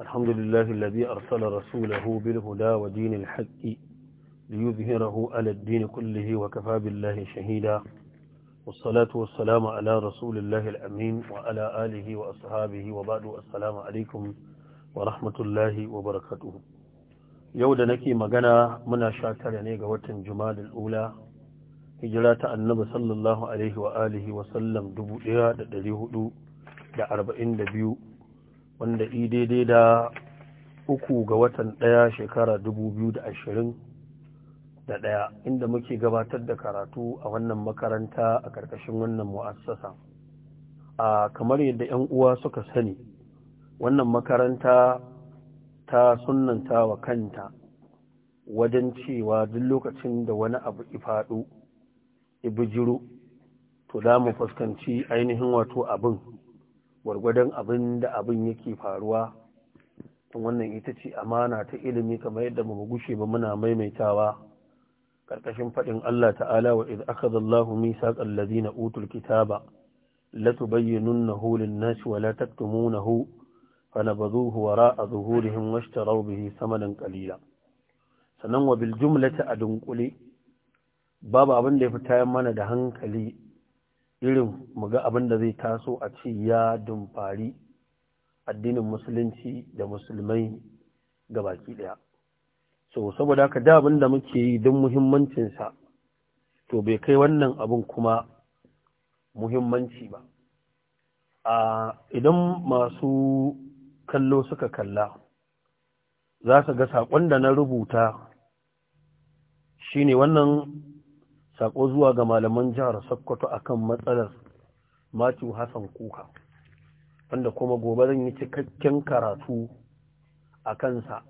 الحمد لله الذي أرسل رسوله بالهدى ودين الحق ليظهره على الدين كله وكفى بالله شهيدا والصلاة والسلام على رسول الله الأمين وعلى آله وأصحابه وبعد السلام عليكم ورحمة الله وبركاته يود نكي مغانا منا شاكر نيغا وطن جمال الأولى هجرة النبي صلى الله عليه وآله وسلم دبو إياد دريه دو دا أربعين دبيو wanda i daidai da uku ga watan ɗaya shekara dubu biyu da ashirin da ɗaya inda muke gabatar da karatu a wannan makaranta a ƙarƙashin wannan mu'assasa a kamar yadda 'yan uwa suka sani wannan makaranta ta sunanta wa kanta wajen cewa duk lokacin da wani abu ifaɗo bijiro, to da mu fuskanci ainihin wato abin gwargwadon abin da abin yake faruwa wannan ita ce amana ta ilimi kamar yadda mu gushe ba muna maimaitawa karkashin faɗin Allah ta'ala wa iz akhadha Allahu mithaqal ladina utul kitaba latubayyinunnahu lin-nasi wa la taktumunahu fanabadhuhu wara'a zuhurihim washtaraw bihi samanan qalila Sannan wa bil jumlati adunquli babu abin da ya fita mana da hankali irin muga abin da zai taso a ce ya dumfari addinin musulunci da musulmai ga baki ɗaya. So, saboda haka da abin da muke yi don muhimmancinsa, to bai kai wannan abin kuma muhimmanci ba. A idan masu kallo suka kalla, za su ga saƙon da na rubuta shi ne wannan sako zuwa ga malaman jihar Sokoto akan matsalar Matu Hassan Kuka wanda kuma gobe zan yi cikakken karatu a kansa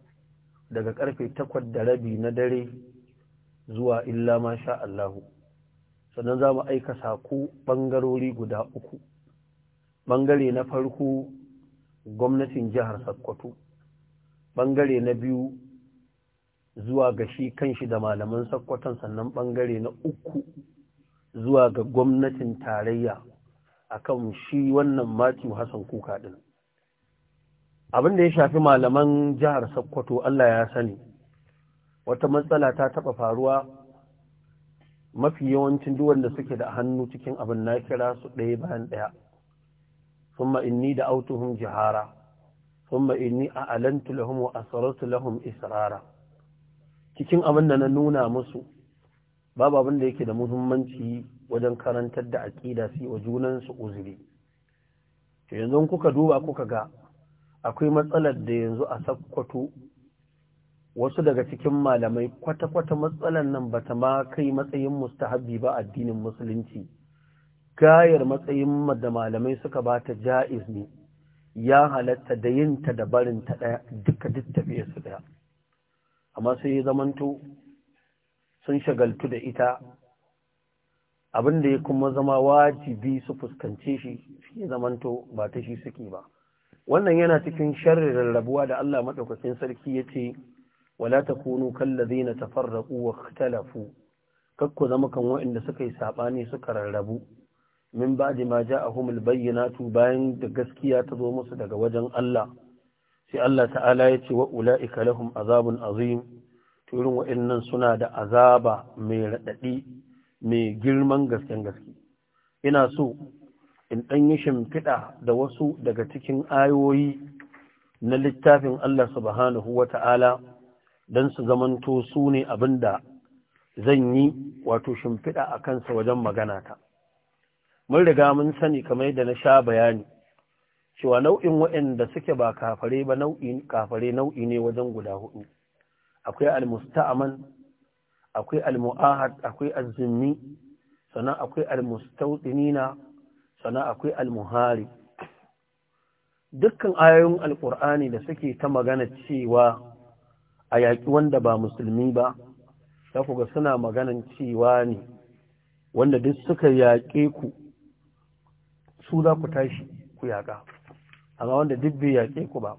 daga karfe takwas da rabi na dare zuwa illa masha Allahu sannan za mu aika sako ɓangarori guda uku ɓangare na farko gwamnatin jihar Sokoto bangare na biyu zuwa ga shi kanshi da malaman sakkwatan sannan bangare na uku zuwa ga gwamnatin tarayya akan shi wannan Matthew Hassan Kuka ɗin. Abin da ya shafi malaman jihar Sokoto Allah ya sani, wata matsala ta taɓa faruwa mafi yawancin duwanda suke da hannu cikin abin na kira su ɗaya bayan ɗaya. Summa inni da autuhum jihara, summa inni a alantu lahum wa asarartu lahum israra. cikin abin da na nuna musu babu abin da yake da muhimmanci wajen karantar da aƙida su wa junansu uzuri yanzu kuka duba kuka ga akwai matsalar da yanzu a sakkwato wasu daga cikin malamai kwata-kwata matsalar nan bata ma kai matsayin mustahabbi ba addinin musulunci gayar matsayin da malamai suka ba ta ja'iz ne ya halatta da yinta da barinta ɗaya duka duk su ɗaya amma sai ya zamanto sun shagaltu da ita abin da ya kuma zama wajibi su fuskance shi shi zamanto ba ta shi suke ba wannan yana cikin sharri rarrabuwa da Allah madaukakin sarki ya yace wala takunu kallazina tafarraqu wa ikhtalafu kakku zama kan waɗanda suka yi sabani suka rarrabu min ba'di ma ja'ahumul bayyinatu bayan da gaskiya ta zo musu daga wajen Allah sai Allah ta'ala ya ce wa ula'ika lahum azabun azim turin wa'annan suna da azaba mai raɗaɗi mai girman gasken gaske ina so in ɗan yi shimfiɗa da wasu daga cikin ayoyi na littafin Allah subhanahu wa ta'ala don su zamanto su ne abin da zan yi wato shimfiɗa a kansa wajen magana ta. Mun riga mun sani kamar yadda na sha bayani. cewa nau'in waɗanda suke ba kafare ba nau'i kafare nau'i ne wajen guda hudu akwai almusta'man akwai almu'ahad akwai azzimmi sannan akwai almustawdinina sannan akwai almuhari dukkan ayoyin alqur'ani da suke ta magana cewa a yaƙi wanda ba musulmi ba za ku ga suna maganan cewa ne wanda duk suka yaƙe ku su za ku tashi ku yaƙa amma wanda duk bai yaƙe ku ba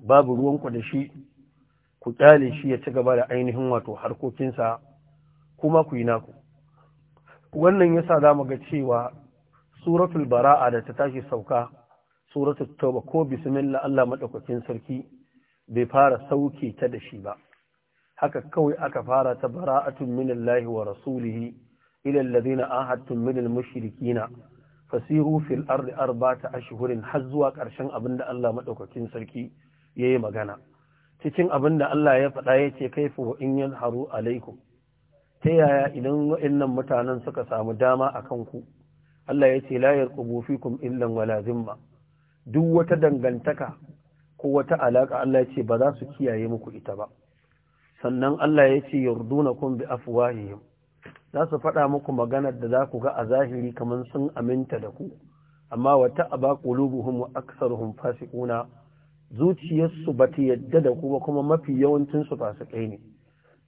babu ruwanku da shi ku kyale shi ya ci gaba da ainihin wato harkokinsa kuma ku yi naku wannan yasa za mu ga cewa suratul bara'a da ta tashi sauka suratul tauba ko bismillah Allah madaukakin sarki bai fara sauke ta da shi ba haka kawai aka fara ta bara'atun minallahi wa rasulihi ila alladhina ahadtum minal mushrikina fasiru fil ardi arbata ashhurin har zuwa ƙarshen abin da Allah madaukakin sarki yayi magana cikin abin da Allah ya faɗa yace kaifu wa in yanharu alaikum ta yaya idan wa'annan mutanen suka samu dama akan ku Allah yace la yarqubu fikum illan wala zimma duk wata dangantaka ko wata alaka Allah yace ba za su kiyaye muku ita ba sannan Allah yace yardunakum bi afwahihim za su faɗa muku maganar da za ku ga a zahiri kamar sun aminta da ku amma wata aba qulubuhum wa aktsaruhum fasiquna zuciyarsu ba ta yadda da ku ba kuma mafi yawancin su fasikai ne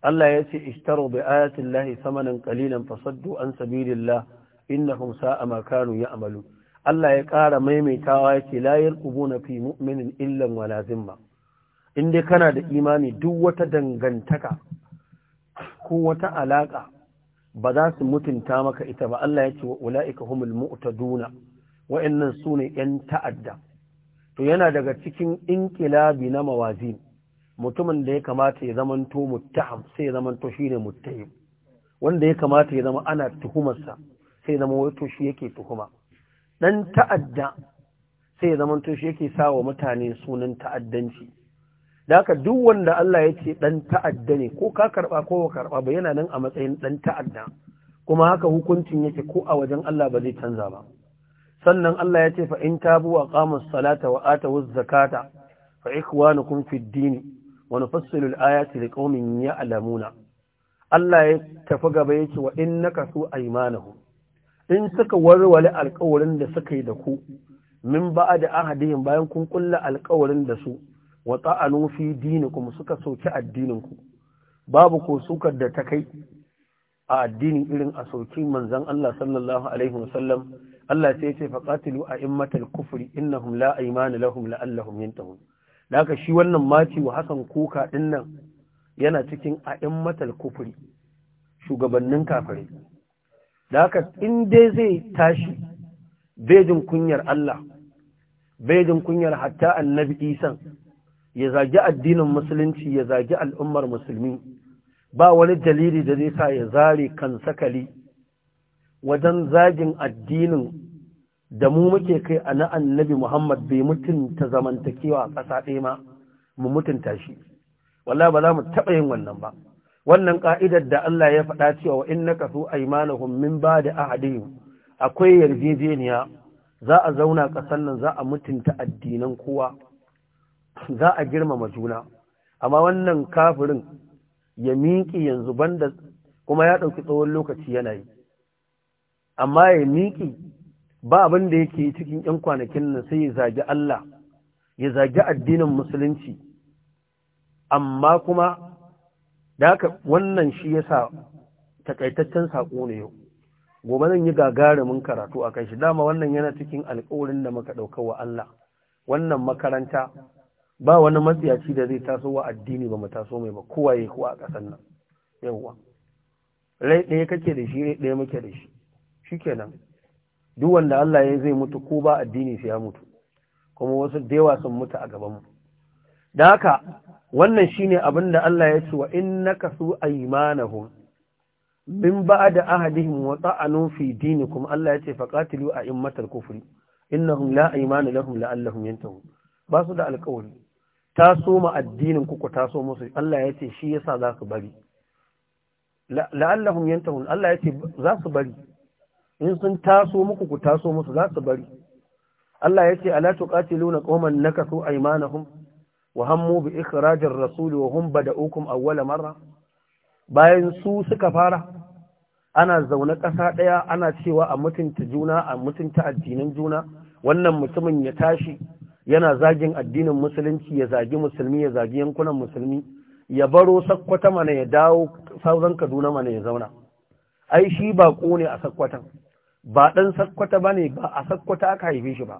Allah ya ce ishtaru bi ayati llahi samanan qalilan fasaddu an sabilillah innahum sa'a ma kanu ya'malu Allah ya ƙara maimaitawa yake la yarqubuna fi mu'minin illa wala zimma in dai kana da imani duk wata dangantaka ko wata alaka ba za su mutunta maka ita ba Allah ya ce wa ula'ika humul mu'taduna wa'annan su ne ‘yan ta'adda to yana daga cikin inkilabi na mawazin mutumin da ya kamata ya zamanto muttaham sai ya zamanto shi ne muttahim wanda ya kamata ya zama ana tuhumarsa sai zama wato shi yake tuhuma ɗan ta'adda sai ya zamanto shi yake sa wa mutane sunan ta'addanci da haka duk wanda Allah ya ce dan ta'adda ne ko ka karba ko ka karba ba yana nan a matsayin ɗan ta'adda kuma haka hukuncin yake ko a wajen Allah ba zai canza ba sannan Allah ya ce fa in tabu wa qamus salata wa atawuz zakata fa ikhwanukum fid din wa nufassilu al-ayati liqaumin ya'lamuna Allah ya tafi gaba yake wa innaka a aymanahum in suka warware alƙawarin da suka yi da ku min ba'a da ahadihim bayan kun kulla alƙawarin da su wa ta'anu dini dinikum suka soki addininku babu ko sukar da ta kai a addini irin a soki manzon Allah sallallahu alaihi wasallam Allah sai ya ce a a kufri innahum la aymana lahum la'allahum yantahun haka shi wannan mati wa hasan kuka dinnan yana cikin a'immatal kufuri, shugabannin kafare da haka in dai zai tashi bejin kunyar Allah bejin kunyar hatta annabi isan ya zagi addinin musulunci ya zagi al'ummar musulmi ba wani dalili da zai sa ya zare kan sakali wajen zagin addinin da mu muke kai a na annabi Muhammad bai mutunta zamantakewa a ƙasa ɗaya ma mu mutunta shi walla ba za mu taɓa yin wannan ba wannan ƙa'idar da Allah ya faɗa cewa wa in na naqasu aymanahum min da ahadin, akwai yarjejeniya za a zauna ƙasar nan za a mutunta addinan kowa za a girmama juna amma wannan kafirin ya miƙi yanzu banda kuma ya ɗauki tsawon lokaci yana yi amma ya miƙi ba abin da yake cikin 'yan kwanakin nan sai ya zagi Allah ya zagi addinin musulunci amma kuma da wannan shi yasa takaitaccen saƙo ne yau gobe zan yi gagarumin karatu a kai shi dama wannan yana cikin alƙawarin da muka ɗauka wa Allah wannan makaranta ba wani matsiyaci da zai taso wa addini ba mu taso mai ba kowa ya kuwa a ƙasar nan yawwa rai ɗaya kake da shi rai ɗaya muke da shi shikenan duk wanda Allah ya zai mutu ko ba addini sai ya mutu kuma wasu da sun mutu a gaban mu da haka wannan shine abin da Allah ya ce wa innaka su aymanahum min ba'da ahadihim wa ta'anu fi dinikum Allah ya ce faqatilu a'immatal kufri innahum la aymana lahum la'allahum yantahun ba su da alƙawari taso ma addinin ku ku taso musu Allah ya ce shi yasa za su bari la'allahum yantahun Allah ya ce za su bari in sun taso muku ku taso musu za su bari Allah ya ce ala tuqatiluna qauman nakasu aymanahum wa hammu bi ikhrajir rasul wa hum bada'ukum awwala marra bayan su suka fara ana zaune ƙasa ɗaya ana cewa a mutunta juna a mutunta addinan juna wannan mutumin ya tashi yana zagin addinin musulunci ya zagi musulmi ya zagi yankunan musulmi ya baro sakkwata mana ya dawo sauran kaduna mana ya zauna ai shi ba ne a sakkwatan ba ɗan sakkwata ba ne ba a sakkwata aka haife shi ba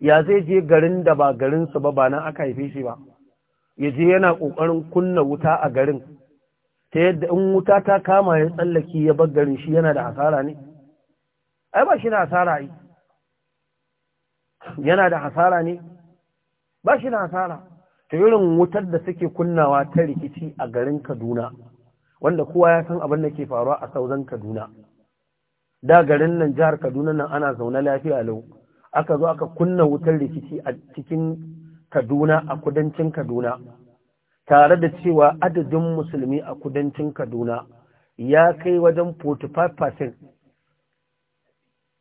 ya zai je garin da ba garinsu ba ba nan aka haife shi ba ya je yana ƙoƙarin kunna wuta a garin ta yadda in wuta ta kama ya tsallaki ya bar garin shi yana da asara ne ai ba shi da asara ai yana da hasara ne ba shi da hasara ta irin wutar da suke kunnawa ta rikici a garin kaduna wanda kowa ya san abin da ke faruwa a sauran kaduna da garin nan jihar kaduna nan ana zaune lafiya lau aka zo aka kunna wutar rikici a cikin kaduna a kudancin kaduna tare da cewa adadin musulmi a kudancin kaduna ya kai wajen 45%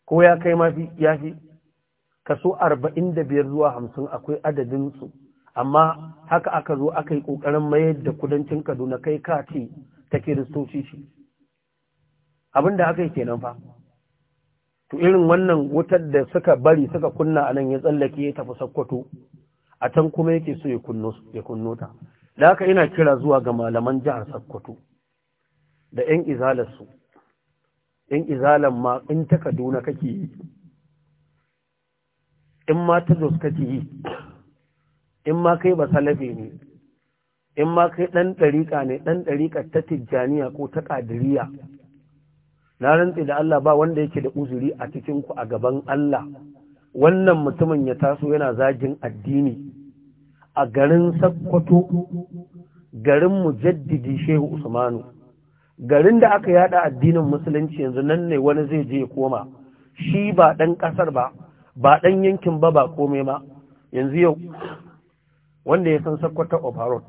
ko ya kai mafi ya kaso arba'in da biyar zuwa hamsin akwai adadinsu amma haka aka zo aka yi ƙoƙarin mayar da kudancin kaduna kai ka ce ta kiristoci shi abin da aka yi kenan fa to irin wannan wutar da suka bari suka kunna anan ya tsallake ya tafi sakkwato a can kuma yake so ya kunno ta da haka ina kira zuwa ga malaman jihar sakkwato da 'yan izalarsu 'yan izalar ma in ta kaduna kake yi in ma ta jos kake yi in ma kai ba salafi ne in ma kai ɗan ɗariƙa ne ɗan ɗariƙa ta tijjaniya ko ta ƙadiriya na rantse da Allah ba wanda yake da uzuri a cikinku a gaban Allah wannan mutumin ya taso yana zagin addini a garin Sakkwato garin mujaddidi Shehu Usmanu garin da aka yada addinin musulunci yanzu nan ne wani zai je ya koma shi ba ɗan ƙasar ba ba ɗan yankin ba ba komai ba. yanzu yau wanda ya san sakwata ofarot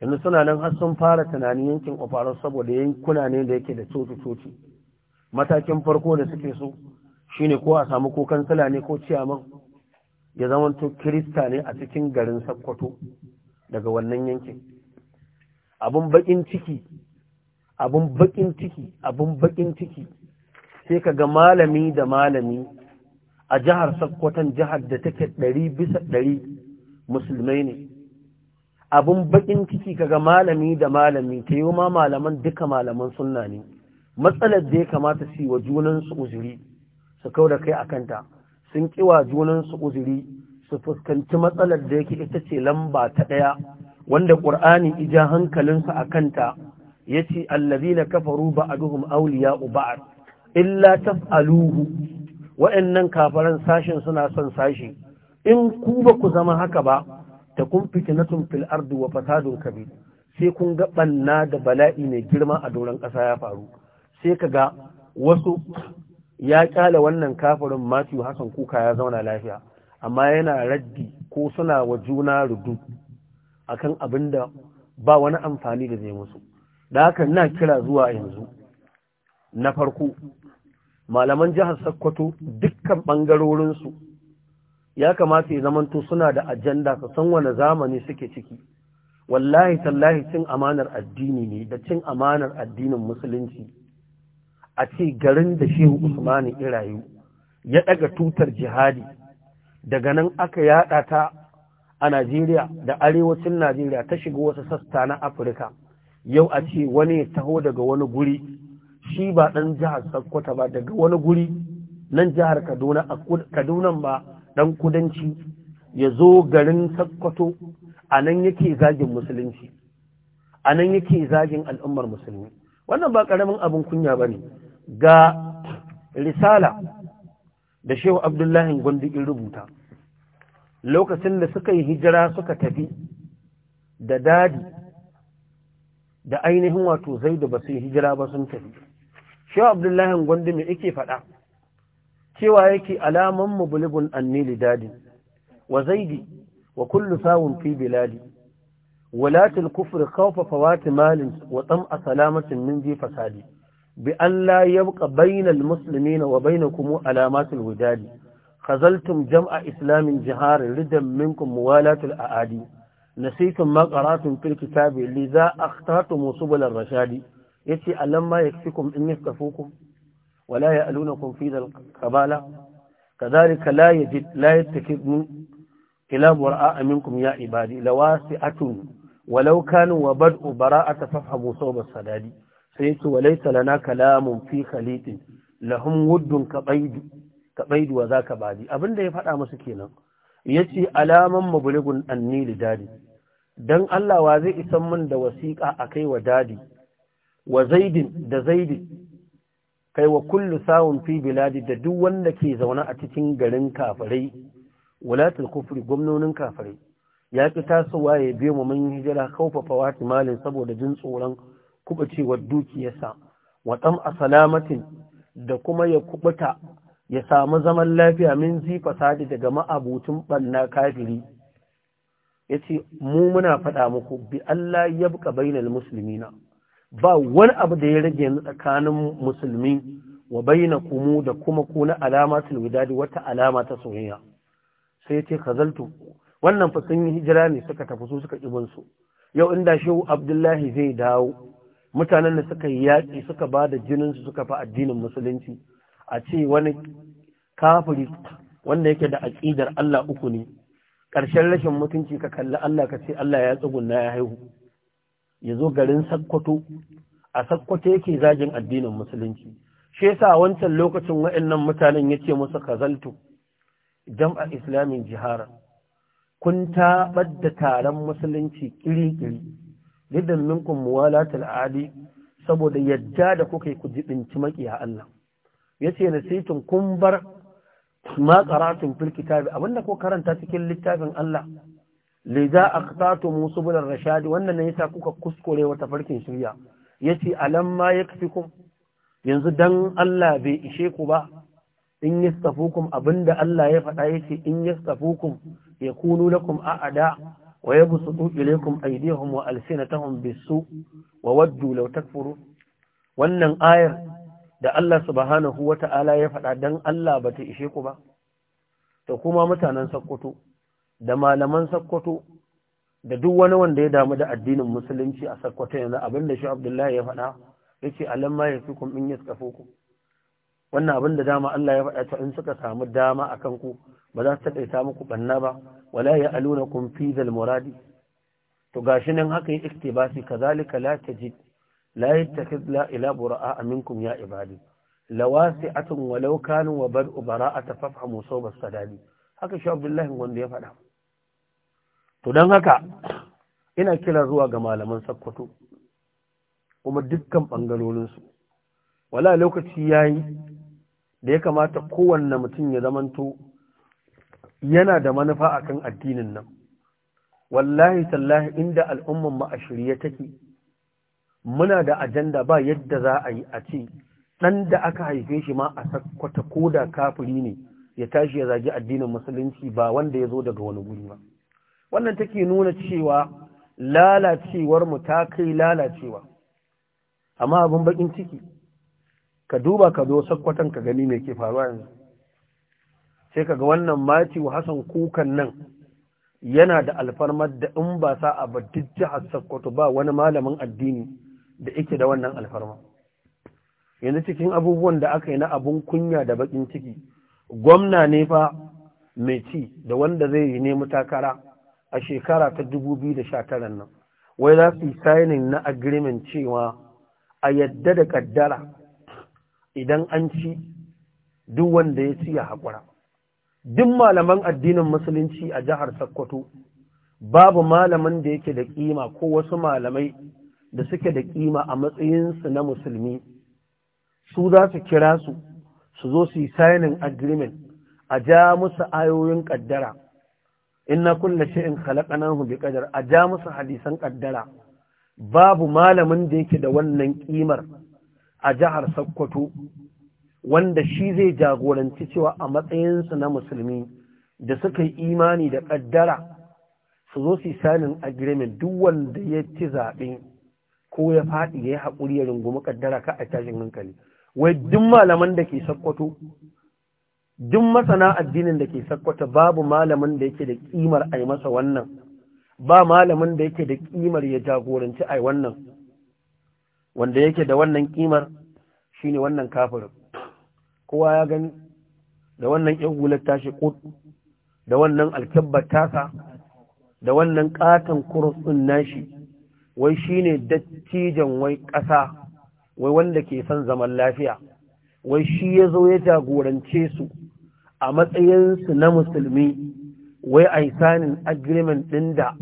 yanzu suna nan har sun fara tunanin yankin ofarot saboda yankuna ne da yake da coci-coci matakin farko da suke so shine ko a samu ko kansila ne ko ciyaman ya zamanto kirista ne a cikin garin sakwato daga wannan yankin abun baƙin ciki abin baƙin ciki abun bakin ciki sai ka ga malami da malami a jihar sakkwatan jihar da take ɗari bisa ɗari musulmai ne abin baƙin ciki kaga malami da malami ta yi ma malaman duka malaman sunna ne matsalar da ya kamata su yi wa junansu uzuri su kau da kai a kanta sun kiwa junansu uzuri su fuskanci matsalar da yake ita ce lamba ta ɗaya wanda ƙur'ani ija hankalinsa a kanta ya ce allazi na kafaru ba a duhun auliya ba'ad illa taf'aluhu wa'annan kafaran sashin suna son sashi in ku ba ku zama haka ba ta kun tun fil ardu wa fasadun kabi sai kun ga ɓanna da bala'i mai girma a doron ƙasa ya faru sai ka ga wasu ya ƙyale wannan kafarin Matthew Hassan kuka ya zauna lafiya amma yana raddi ko suna wa juna rudu kan abin da ba wani amfani da zai musu da haka na kira zuwa yanzu na farko malaman jihar Sokoto dukkan ɓangarorinsu ya kamata ya zamanto suna da ajanda su san wani zamani suke ciki wallahi tallahi cin amanar addini ne da cin amanar addinin musulunci a ce garin da shehu usmani irayu ya daga tutar jihadi daga nan aka yaɗa ta a najeriya da arewacin najeriya ta shiga wasu sassa na afirka yau a ce wani ya taho daga wani guri shi ba ɗan jihar Sokoto ba daga wani guri nan jihar Kaduna a Kadunan ba ɗan kudanci ya zo garin Sokoto? a nan yake zagin musulunci a nan yake zagin al'ummar musulmi wannan ba ƙaramin abin kunya ba ne ga risala da shehu abdullahi in rubuta lokacin da suka yi hijira suka tafi da dadi da ainihin wato zai da ba su yi hijira ba sun tafi cewa abdullahi gwandu mai yake faɗa cewa yake alaman mubulibun annili dadi wa zaidi wa kullu sawun fi biladi walatul kufri khawfa fawati malin wa a salamatin min jefa Sadi. bi allah la yabqa bainal na wa kuma alamatul wijadi khazaltum jam'a islamin jihar ridan minkum muwalatul aadi nasitum ma qaratum fil kitabi a akhtartum subul rashadi yace alamma yaksikum in yaftafukum wala ya'lunukum fi dal qabala kadhalika la yajid la yattakidu ila bara'a minkum ya ibadi lawasi'atun walau kanu wa bad'u bara'ata fafhamu sawba sadadi sai yace walaysa lana kalamun fi khaliqin lahum wuddun kabaid kabaid wa zaka badi abinda ya faɗa musu kenan yace alaman mablughun annil dadi dan Allah wa zai isan min da wasiƙa a kai wa dadi wa zaidin da zaidi kai wa kullu sawun fi biladi da duk wanda ke zaune a cikin garin kafirai walatul kufri gwamnonin kafirai ya ki tasowa ya biyo mu mun hijira kaufafa wati malin saboda jin tsoron kubacewar dukiyarsa wa dam asalamatin da kuma ya kubuta ya samu zaman lafiya min zi sadi daga ma'abucin banna kafiri yace mu muna faɗa muku bi Allah yabqa bainal muslimina ba wani abu da ya rage yanzu tsakanin musulmi wa bayyana kumu da kuma ku na alama tilwidadi wata alama ta soyayya sai ce kazaltu wannan fa sun hijira ne suka tafi su suka ƙi su yau inda shehu abdullahi zai dawo mutanen da suka yi yaƙi suka ba da jinin su suka fi addinin musulunci a ce wani kafiri wanda yake da aƙidar Allah uku ne ƙarshen rashin mutunci ka kalli Allah ka ce Allah ya tsugunna ya haihu ya zo garin sakkwato a sakkwato yake zagin addinin musulunci shi yasa wancan lokacin waɗannan mutanen yace musu kazaltu jam'a islamin jihara kun taɓar da taron musulunci kiri-kiri gidan minkun muwalatul al'adi saboda yadda da kuka yi ku jibinci a Allah Ya yace na kun bar ma qaratun filkita abinda ko karanta cikin littafin Allah lida aqtatu musubul rashadi wannan ne yasa kuka kuskure wata farkin shirya yace alamma ma yakfikum yanzu dan Allah bai ishe ku ba in yastafukum abinda Allah ya faɗa yace in yastafukum yakunu lakum a'ada wa yabsutu ilaykum aydihim wa alsinatahum bisu wa waddu law takfuru wannan ayar da Allah subhanahu wata'ala ya faɗa dan Allah bata ishe ku ba to kuma mutanen Sokoto da malaman sakkwato da duk wani wanda ya damu da addinin musulunci a sakkwato yanzu abinda shi abdullahi ya faɗa ya ce alamma ya fi kun in ya tsafo ku wannan abin da dama Allah ya faɗa ta in suka samu dama a ku, ba za su taɗaita muku ɓanna ba wala ya aluna kun fi zal muradi to shi nan haka yi iktibasi kazalika la tajid la yattakhid la ila bura'a minkum ya ibadi lawasi'atun walau kanu wa bad'u bara'ata fafhamu sawbas sadali haka shi Abdullahi wanda ya faɗa to don haka ina kiran zuwa ga malaman sakkwato kuma dukkan ɓangarorinsu wala lokaci ya yi da ya kamata kowanne mutum ya zamanto yana da manufa a kan addinin nan wallahi tallahi inda al'umman ma a shirye take muna da ajanda ba yadda za a yi a ce ɗan da aka haife shi ma a sakkwata ko da kafiri ne ya tashi ya zagi addinin musulunci ba wanda ya zo daga wani guri ba wannan take nuna cewa lalacewar mu ta kai lalacewa amma abin bakin ciki ka duba ka zo sakkwatan ka gani me ke faruwa yanzu sai ga wannan mati wa Hassan kukan nan yana da alfarmar da in ba sa a ba jihar sakkwato ba wani malamin addini da yake da wannan alfarma yanzu cikin abubuwan da aka yi na abun kunya da bakin ciki gwamna ne fa mai ci da wanda zai yi ne mutakara a shekara ta 2019 nan wai za su yi sainin na agreement cewa a yadda da kaddara idan an ci duk wanda ya ci ya haƙura duk malaman addinin musulunci a jihar Sokoto babu malaman da yake da ƙima ko wasu malamai da suke da ƙima a matsayinsu na musulmi su za su kira su su zo su yi signing agreement a ja musu ayoyin kaddara inna kulla shay'in khalaqnahu ƙadar a ja musu hadisan ƙaddara babu malamin da yake da wannan ƙimar a jihar Sokoto wanda shi zai jagoranci cewa a matsayinsu na musulmi da suka yi imani da ƙaddara su zo su sanin agreement duk wanda ya ci zaɓe ko ya faɗi ya yi haƙuri ya rungumi ƙaddara ka a tashin hankali wai duk malaman da ke Sokoto duk masana addinin da ke sakwata babu malamin da yake da kimar a masa wannan ba malamin da yake da kimar ya jagoranci a wannan wanda yake da wannan kimar shine wannan kafirin kowa ya gani da wannan yan tashi kut da wannan alkabbar tasa da wannan katon kurusun nashi wai shi ne dattijan wai ƙasa wai wanda ke son zaman lafiya wai shi ya zo ya jagorance su a matsayinsu na musulmi wai a yi sanin agreement ɗin da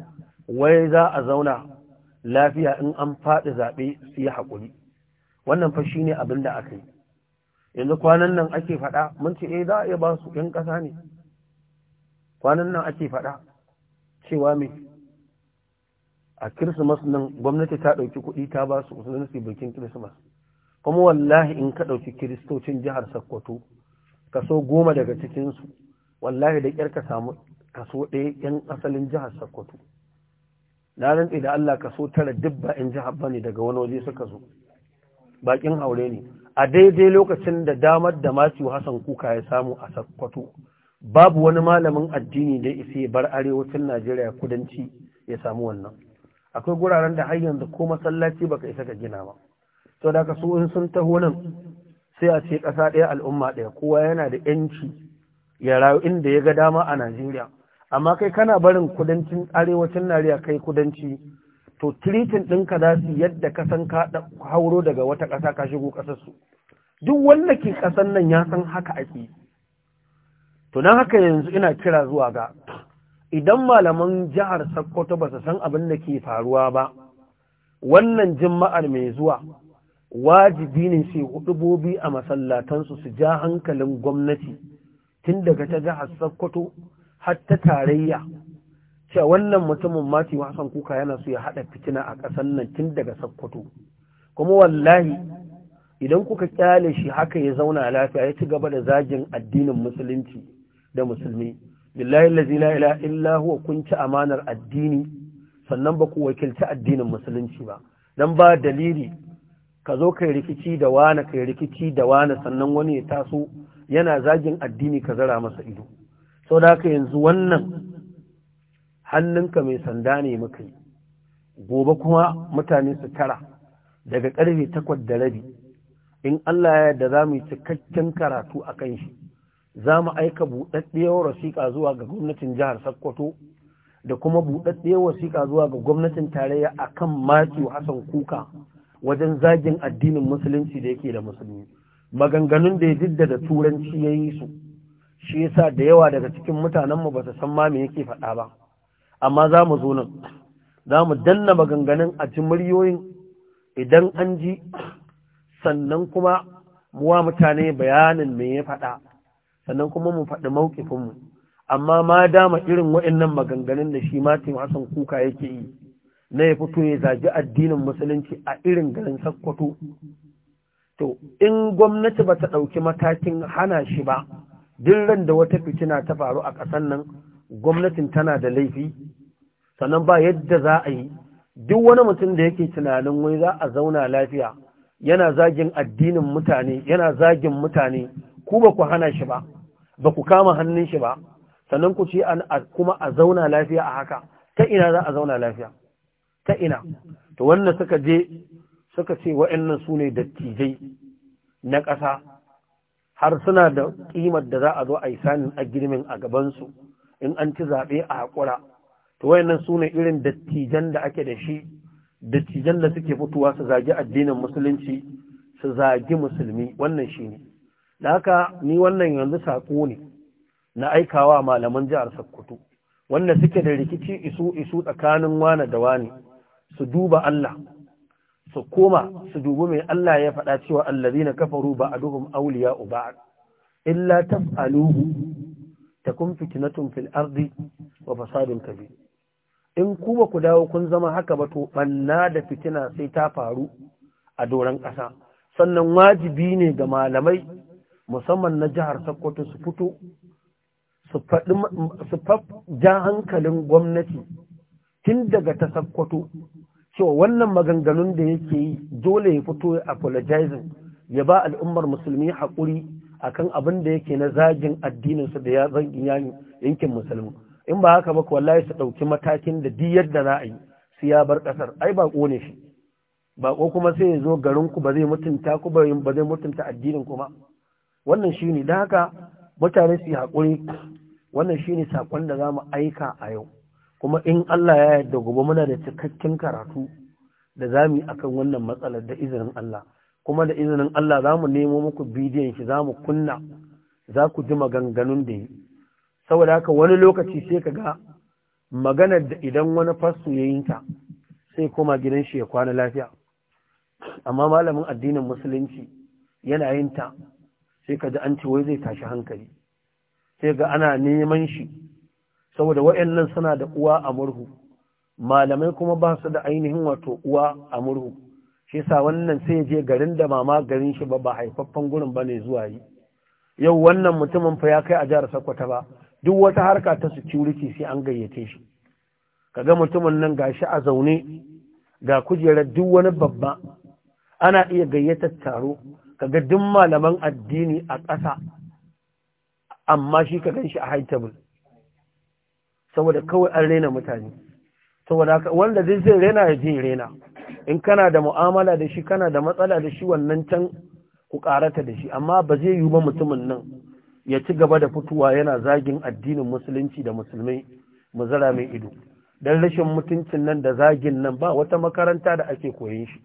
wai za a zauna lafiya in an faɗi zaɓe su yi haƙuri wannan fa shi ne abin da aka yi yanzu kwanan nan ake faɗa mun ce eh za a iya ba su ƴan ƙasa ne kwanan nan ake faɗa cewa me a kirsimas nan gwamnati ta ɗauki kuɗi ta ba su su bikin kirsimas kuma wallahi in ka ɗauki kiristocin jihar sakkwato kaso goma daga cikinsu wallahi da ƙyar ka samu kaso ɗaya ‘yan asalin jihar Sokoto. Na rantse da Allah kaso tara duk ba ‘yan jihar ba ne daga wani waje suka zo, baƙin haure ne. A daidai lokacin da damar da Matthew Hassan Kuka ya samu a Sokoto, babu wani malamin addini da isa ya bar arewacin Najeriya kudanci ya samu wannan. Akwai guraren da har yanzu ko masallaci baka isa ka gina ba. Sau da ka sun taho nan sai a ce ƙasa ɗaya al'umma ɗaya kowa yana da ‘yanci ya rayu inda ya ga dama a Najeriya amma kai kana barin kudancin arewacin Najeriya kai kudanci to tiritin ɗinka za su yadda ka san ka hauro daga wata ƙasa ka shigo ƙasarsu duk wanda ke ƙasar nan ya san haka ake to don haka yanzu ina kira zuwa ga idan malaman jihar Sokoto ba su san abin da ke faruwa ba wannan jima'ar mai zuwa wajibi ne sai hudubobi a masallatansu su ja hankalin gwamnati tun daga ta jihar Sokoto har ta tarayya cewa wannan mutumin Mati Hassan Kuka yana su ya haɗa fitina a ƙasar nan tun daga Sokoto kuma wallahi idan kuka kyale shi haka ya zauna lafiya ya ci gaba da zagin addinin musulunci da musulmi billahi allazi la ilaha illa huwa kun ci amanar addini sannan ba ku wakilci addinin musulunci ba dan ba dalili ka zo kai rikici da wane kai rikici da wane sannan wani ya taso yana zagin addini ka zara masa ido sau da haka yanzu wannan hannunka mai sanda ne maka yi gobe kuma mutane su tara daga karfe takwas da rabi in Allah ya yarda za mu yi cikakken karatu a kan shi za mu aika buɗaɗɗiyar wasiƙa zuwa ga gwamnatin jihar Sokoto da kuma buɗaɗɗiyar wasiƙa zuwa ga gwamnatin tarayya akan Matthew Hassan Kuka wajen zagin addinin musulunci da yake da musulmi maganganun da ya diddada turanci ya yi su shi yasa da yawa daga cikin mutanenmu ba su san ma me yake faɗa ba amma za mu zo nan za mu danna maganganun a ji muryoyin idan an ji sannan kuma muwa mutane bayanin me ya faɗa sannan kuma mu faɗi mawkifinmu amma ma dama irin waɗannan maganganun da shi Martin Hassan Kuka yake yi na ya fito ya zagi addinin musulunci a irin garin sakkwato to in gwamnati ba ta ɗauki matakin hana shi ba duk ran da wata fitina ta faru a ƙasar nan gwamnatin tana da laifi sannan ba yadda za a yi duk wani mutum da yake tunanin wai za a zauna lafiya yana zagin addinin mutane yana zagin mutane ku ba ku hana shi ba ba ku kama hannun shi ba sannan ku ce kuma a zauna lafiya a haka ta ina za a zauna lafiya ta ina to wannan suka je suka ce wa'annan su ne dattijai na ƙasa har suna da ƙimar da za a zo a yi sanin a girmin a gabansu in an ci zaɓe a haƙura to wayannan su ne irin dattijan da ake da shi dattijan da suke fitowa su zagi addinin musulunci su zagi musulmi wannan shi ne da haka ni wannan yanzu saƙo ne na aikawa malaman jihar Sokoto wanda suke da rikici isu isu tsakanin wane da wane su duba Allah su koma su dubi mai Allah ya faɗa cewa Allah allazina kafaru duhun awliya'u ba'd illa ta kun takum na fil ardi wa fasadun kabir in kuma ku dawo kun zama haka ba to ɓanna da fitina sai ta faru a doron ƙasa sannan wajibi ne ga malamai musamman na jihar Sokoto su fito su faɗi hankalin gwamnati tun daga ta Sokoto so wannan maganganun da yake yi dole ya fito ya apologizing ya ba al'ummar musulmi haƙuri akan abin da yake na zagin addininsu da ya zagin yankin musulmi in ba haka ba ku, wallahi su ɗauki matakin da diyar yadda za a yi su ya bar ƙasar ai baƙo ne shi baƙo kuma sai ya zo garinku ba zai mutunta ku ba zai mutunta addinin kuma wannan shi ne don haka mutane su yi haƙuri wannan shi ne saƙon da za mu aika a yau kuma in Allah ya yarda gobe muna da cikakken karatu da za mu yi akan wannan matsalar da izinin Allah kuma da izinin Allah za mu nemo muku bidiyon shi za mu kunna za ku ji maganganun da yi saboda haka wani lokaci sai ka ga maganar da idan wani fasto ya yinta sai koma gidan shi ya kwana lafiya amma malamin addinin musulunci yana yinta sai ka ji an ce wai zai tashi hankali sai ga ana neman shi saboda wa'annan suna da uwa a murhu malamai kuma ba su da ainihin wato uwa a murhu shi sa wannan sai je garin da mama garin shi ba ba haifaffen gurin ba ne zuwa yi yau wannan mutumin fa ya kai a jihar Sokoto ba duk wata harka ta security sai an gayyace shi kaga mutumin nan gashi a zaune ga kujerar duk wani babba ana iya gayyatar taro kaga duk malaman addini a ƙasa amma shi ka ganshi a high table saboda kawai an rena mutane saboda wanda zai zai rena ya je rena in kana da mu'amala da shi kana da matsala da shi wannan can ku karata da shi amma ba zai yi ba mutumin nan ya ci gaba da fitowa yana zagin addinin musulunci da musulmai muzara mai ido don rashin mutuncin nan da zagin nan ba wata makaranta da ake koyin shi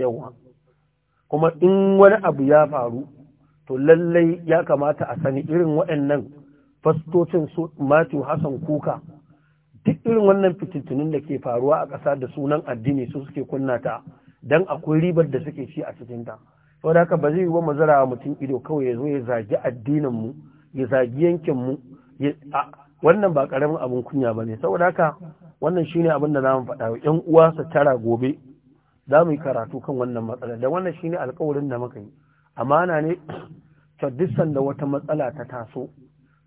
yawa kuma in wani abu ya faru to lallai ya kamata a sani irin waɗannan fastocin su Matthew Hassan Kuka duk irin wannan fitintunin da ke faruwa a ƙasa da sunan addini su suke kunna ta dan akwai ribar da suke ci a cikin ta saboda haka ba zai yi wa mazara mutum ido kawai ya zo ya zagi addinin mu ya zagi yankin mu wannan ba karamin abin kunya bane saboda haka wannan shine abin da zamu faɗa wa yan uwa su tara gobe za mu yi karatu kan wannan matsala da wannan shine alƙawarin da muka yi amana ne to duk sanda wata matsala ta taso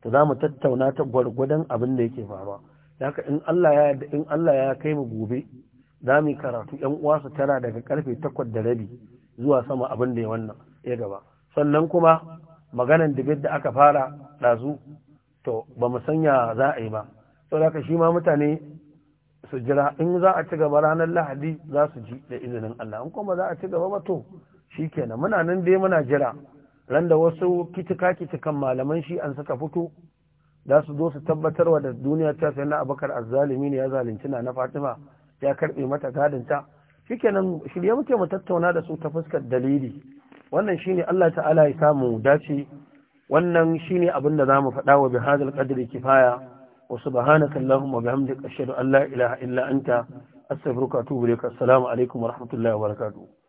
to za mu tattauna ta gwargwadon abin da yake faruwa haka in Allah ya in Allah ya kai mu gobe za mu karatu yan uwa su tara daga karfe takwas da rabi zuwa sama abin da ya wannan ya gaba sannan kuma maganan dibet da aka fara ɗazu to ba mu sanya za a yi ba saboda haka shi ma mutane su jira in za a ci gaba ranar lahadi za su ji da izinin Allah in kuma za a ci gaba ba to kenan muna nan dai muna jira randa wasu kitika-kitikan malaman shi an suka fito za su zo su wa da duniya ta sai na abakar azzalimi ne ya zalunci na fatima ya karbe mata gadinta shikenan shirye muke mu tattauna da su ta fuskar dalili wannan shine Allah ta'ala ya samu dace wannan shine abin da zamu faɗa wa bihadal qadri kifaya wa subhanaka allahumma bihamdika ashhadu an la ilaha illa anta astaghfiruka wa atubu ilaik assalamu alaikum wa rahmatullahi wa barakatuh